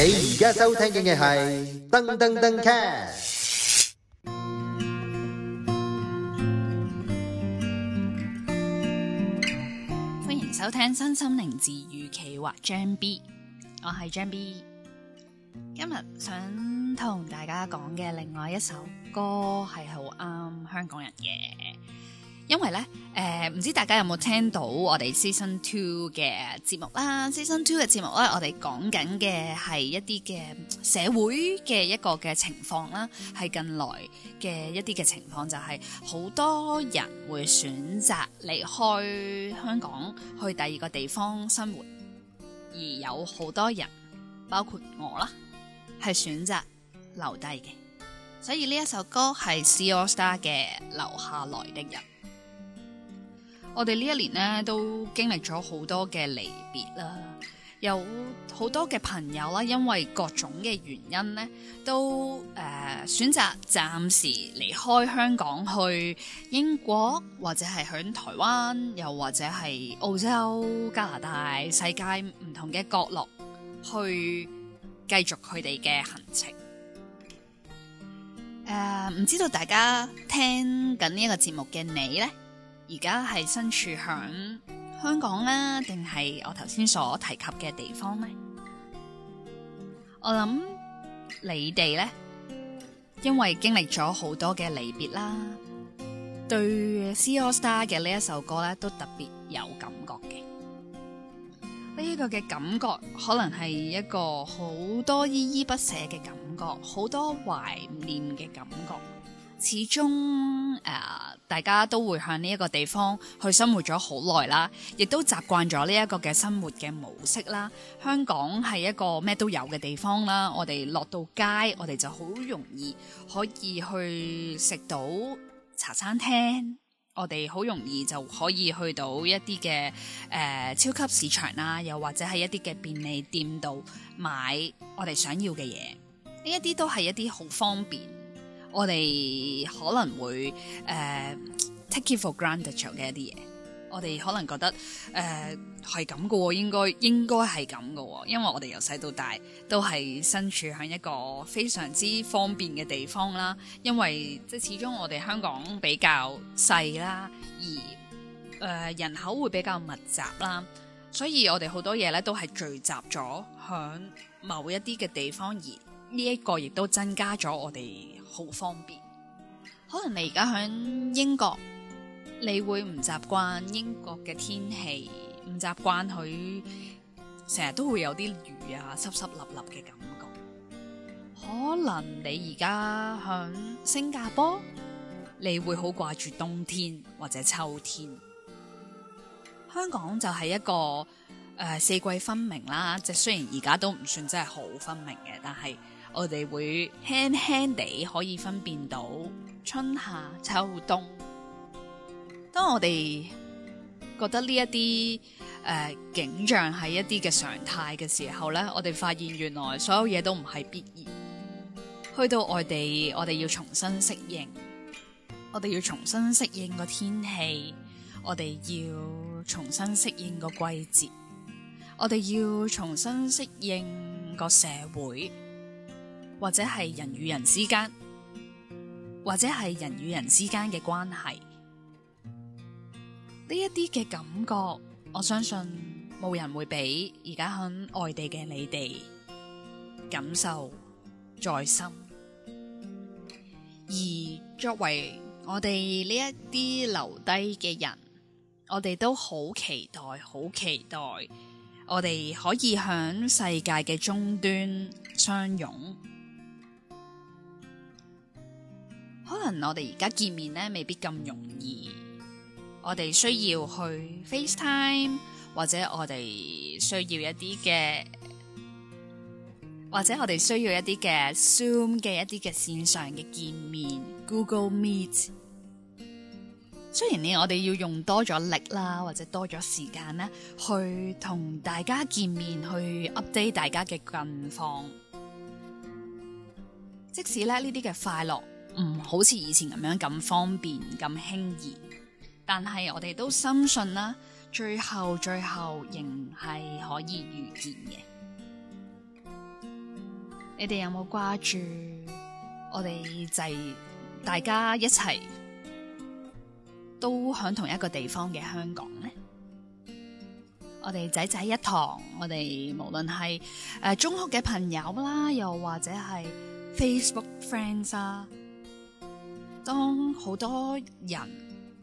你而家收聽嘅係噔噔噔 cast，歡迎收聽《新心靈治癒企劃》張 B，我係張 B，今日想同大家講嘅另外一首歌係好啱香港人嘅。因為咧，誒、呃，唔知大家有冇聽到我哋 Season Two 嘅節目啦？Season Two 嘅節目咧，我哋講緊嘅係一啲嘅社會嘅一個嘅情況啦，係近來嘅一啲嘅情況就係、是、好多人會選擇離開香港去第二個地方生活，而有好多人包括我啦，係選擇留低嘅。所以呢一首歌係 C AllStar 嘅《留下來的人》。我哋呢一年呢，都經歷咗好多嘅離別啦，有好多嘅朋友啦，因為各種嘅原因呢，都誒、呃、選擇暫時離開香港去英國或者係響台灣，又或者係澳洲、加拿大、世界唔同嘅角落去繼續佢哋嘅行程。誒、呃，唔知道大家聽緊呢一個節目嘅你呢？而家係身處響香港啦，定係我頭先所提及嘅地方呢？我諗你哋呢，因為經歷咗好多嘅離別啦，對《C AllStar》嘅呢一首歌呢，都特別有感覺嘅。呢、這個、一個嘅感覺，可能係一個好多依依不捨嘅感覺，好多懷念嘅感覺。始終、呃、大家都會向呢一個地方去生活咗好耐啦，亦都習慣咗呢一個嘅生活嘅模式啦。香港係一個咩都有嘅地方啦，我哋落到街，我哋就好容易可以去食到茶餐廳，我哋好容易就可以去到一啲嘅、呃、超級市場啦，又或者係一啲嘅便利店度買我哋想要嘅嘢，呢一啲都係一啲好方便。我哋可能會誒、呃、take it for granted 嘅一啲嘢，我哋可能覺得誒係咁嘅喎，應該應該係咁嘅喎，因為我哋由細到大都係身處喺一個非常之方便嘅地方啦。因為即係始終我哋香港比較細啦，而誒、呃、人口會比較密集啦，所以我哋好多嘢咧都係聚集咗喺某一啲嘅地方，而呢一個亦都增加咗我哋。好方便，可能你而家喺英國，你會唔習慣英國嘅天氣，唔習慣佢成日都會有啲雨啊，濕濕立立嘅感覺。可能你而家喺新加坡，你會好掛住冬天或者秋天。香港就係一個誒、呃、四季分明啦，即雖然而家都唔算真係好分明嘅，但係。我哋會輕輕地可以分辨到春夏秋冬。當我哋覺得呢一啲誒景象係一啲嘅常態嘅時候咧，我哋發現原來所有嘢都唔係必然。去到外地，我哋要重新適應，我哋要重新適應個天氣，我哋要重新適應個季節，我哋要重新適應個社會。或者係人與人之間，或者係人與人之間嘅關係，呢一啲嘅感覺，我相信冇人會比而家響外地嘅你哋感受再深。而作為我哋呢一啲留低嘅人，我哋都好期待，好期待我哋可以響世界嘅終端相擁。可能我哋而家見面呢未必咁容易。我哋需要去 FaceTime，或者我哋需要一啲嘅，或者我哋需要一啲嘅 Zoom 嘅一啲嘅線上嘅見面，Google Meet。雖然呢，我哋要用多咗力啦，或者多咗時間呢，去同大家見面，去 update 大家嘅近況。即使咧呢啲嘅快樂。唔好似以前咁樣咁方便咁輕易，但係我哋都深信啦，最後最後仍係可以遇見嘅。 你哋有冇掛住我哋就係大家一齊都喺同一個地方嘅香港呢？我哋仔仔一堂，我哋無論係誒中學嘅朋友啦，又或者係 Facebook friends 啊。當好多人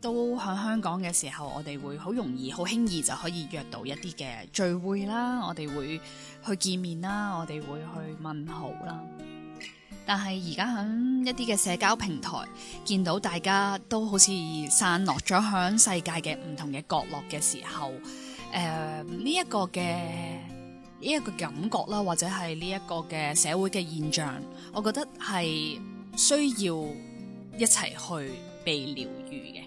都喺香港嘅時候，我哋會好容易、好輕易就可以約到一啲嘅聚會啦。我哋會去見面啦，我哋會去問好啦。但係而家喺一啲嘅社交平台見到大家都好似散落咗喺世界嘅唔同嘅角落嘅時候，誒，呢一個嘅呢一個感覺啦，或者係呢一個嘅社會嘅現象，我覺得係需要。一齊去被療愈嘅，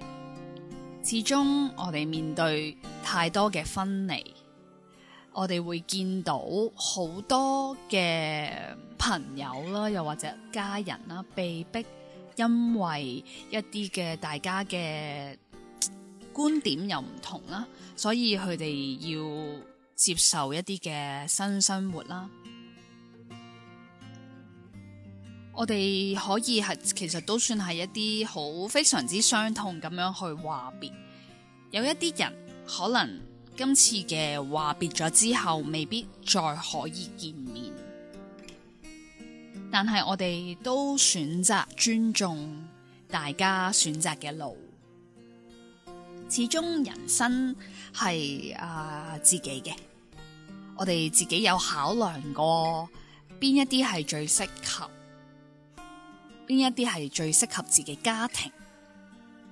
始終我哋面對太多嘅分離，我哋會見到好多嘅朋友啦，又或者家人啦，被逼因為一啲嘅大家嘅觀點又唔同啦，所以佢哋要接受一啲嘅新生活啦。我哋可以係，其實都算係一啲好非常之傷痛咁樣去話別。有一啲人可能今次嘅話別咗之後，未必再可以見面。但係我哋都選擇尊重大家選擇嘅路，始終人生係啊、呃、自己嘅。我哋自己有考量過邊一啲係最適合邊一啲係最適合自己家庭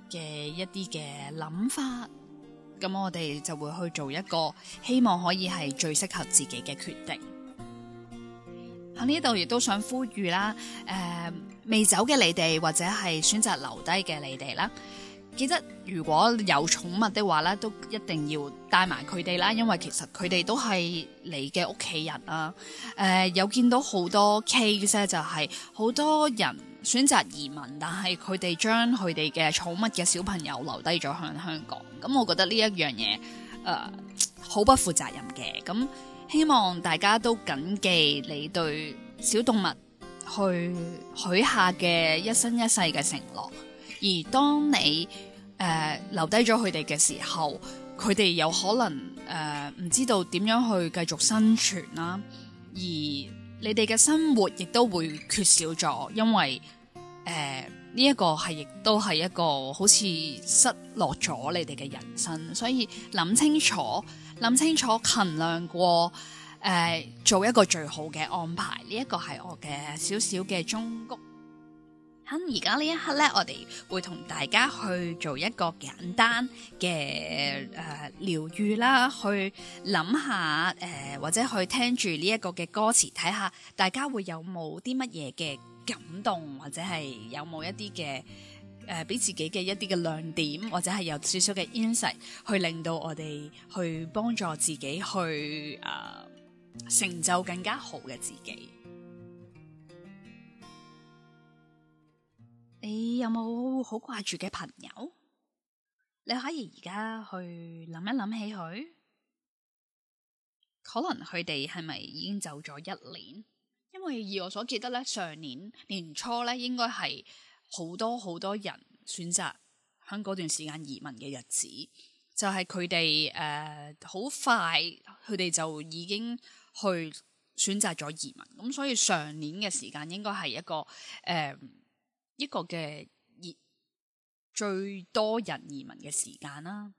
嘅一啲嘅諗法，咁我哋就會去做一個，希望可以係最適合自己嘅決定。喺呢度亦都想呼籲啦，誒、呃、未走嘅你哋，或者係選擇留低嘅你哋啦，記得如果有寵物嘅話咧，都一定要帶埋佢哋啦，因為其實佢哋都係你嘅屋企人啊。誒、呃、有見到好多 case 就係好多人。選擇移民，但係佢哋將佢哋嘅寵物嘅小朋友留低咗喺香港。咁我覺得呢一樣嘢，誒、呃、好不負責任嘅。咁希望大家都謹記你對小動物去許下嘅一生一世嘅承諾。而當你誒、呃、留低咗佢哋嘅時候，佢哋有可能誒唔、呃、知道點樣去繼續生存啦。而你哋嘅生活亦都會缺少咗，因為誒呢、呃這個、一個係亦都係一個好似失落咗你哋嘅人生，所以諗清楚諗清楚，衡量過誒、呃、做一個最好嘅安排，呢、這、一個係我嘅小小嘅忠告。喺而家呢一刻咧，我哋會同大家去做一個簡單嘅、呃、療愈啦，去諗下、呃、或者去聽住呢一個嘅歌詞，睇下大家會有冇啲乜嘢嘅感動，或者係有冇一啲嘅誒，俾、呃、自己嘅一啲嘅亮點，或者係有少少嘅 insight，去令到我哋去幫助自己去、呃、成就更加好嘅自己。你有冇好掛住嘅朋友？你可以而家去諗一諗起佢，可能佢哋係咪已經走咗一年？因為以我所記得咧，上年年初咧，應該係好多好多人選擇喺嗰段時間移民嘅日子，就係佢哋誒好快，佢哋就已經去選擇咗移民。咁所以上年嘅時間應該係一個誒。Uh, 一個熱嘅最多人移民嘅時間啦，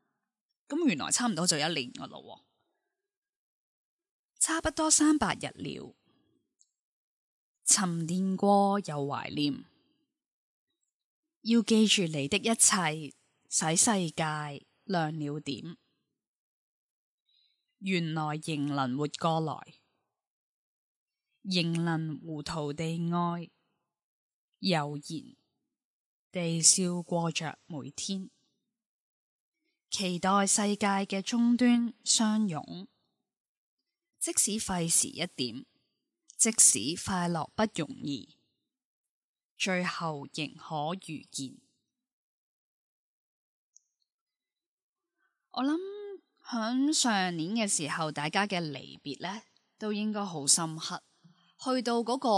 咁原來差唔多就一年噶咯喎，差不多三百日了。沉澱過又懷念，要記住你的一切，使世界亮了點。原來仍能活過來，仍能糊塗地愛。悠然地笑過着每天，期待世界嘅終端相擁，即使費時一點，即使快樂不容易，最後仍可遇見。我諗響上年嘅時候，大家嘅離別呢，都應該好深刻。去到嗰個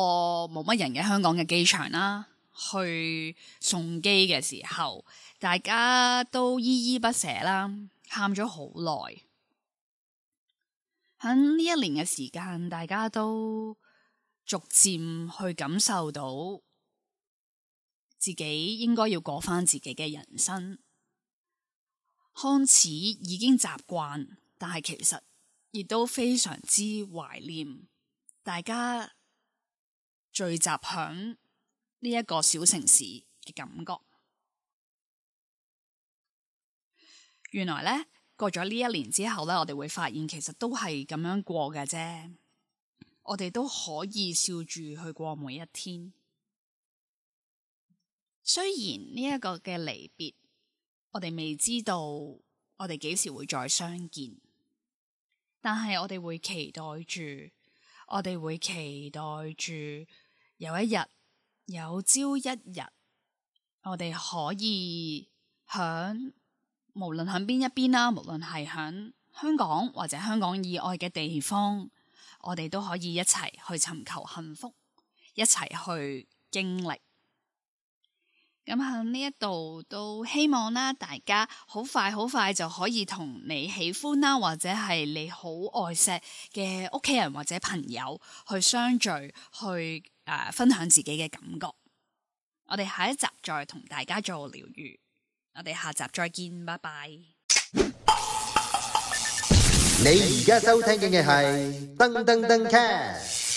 冇乜人嘅香港嘅機場啦，去送機嘅時候，大家都依依不捨啦，喊咗好耐。喺呢一年嘅時間，大家都逐漸去感受到自己應該要過返自己嘅人生，開始已經習慣，但係其實亦都非常之懷念。大家聚集響呢一個小城市嘅感覺，原來呢，過咗呢一年之後呢，我哋會發現其實都係咁樣過嘅啫。我哋都可以笑住去過每一天，雖然呢一個嘅離別，我哋未知道我哋幾時會再相見，但係我哋會期待住。我哋會期待住有一日，有朝一日，我哋可以響無論響邊一邊啦，無論係響香港或者香港以外嘅地方，我哋都可以一齊去尋求幸福，一齊去經歷。咁喺呢一度都希望啦，大家好快好快就可以同你喜歡啦，或者係你好愛錫嘅屋企人或者朋友去相聚，去誒分享自己嘅感覺。我哋下一集再同大家做療癒，我哋下集再見，拜拜。你而家收聽嘅係噔噔噔。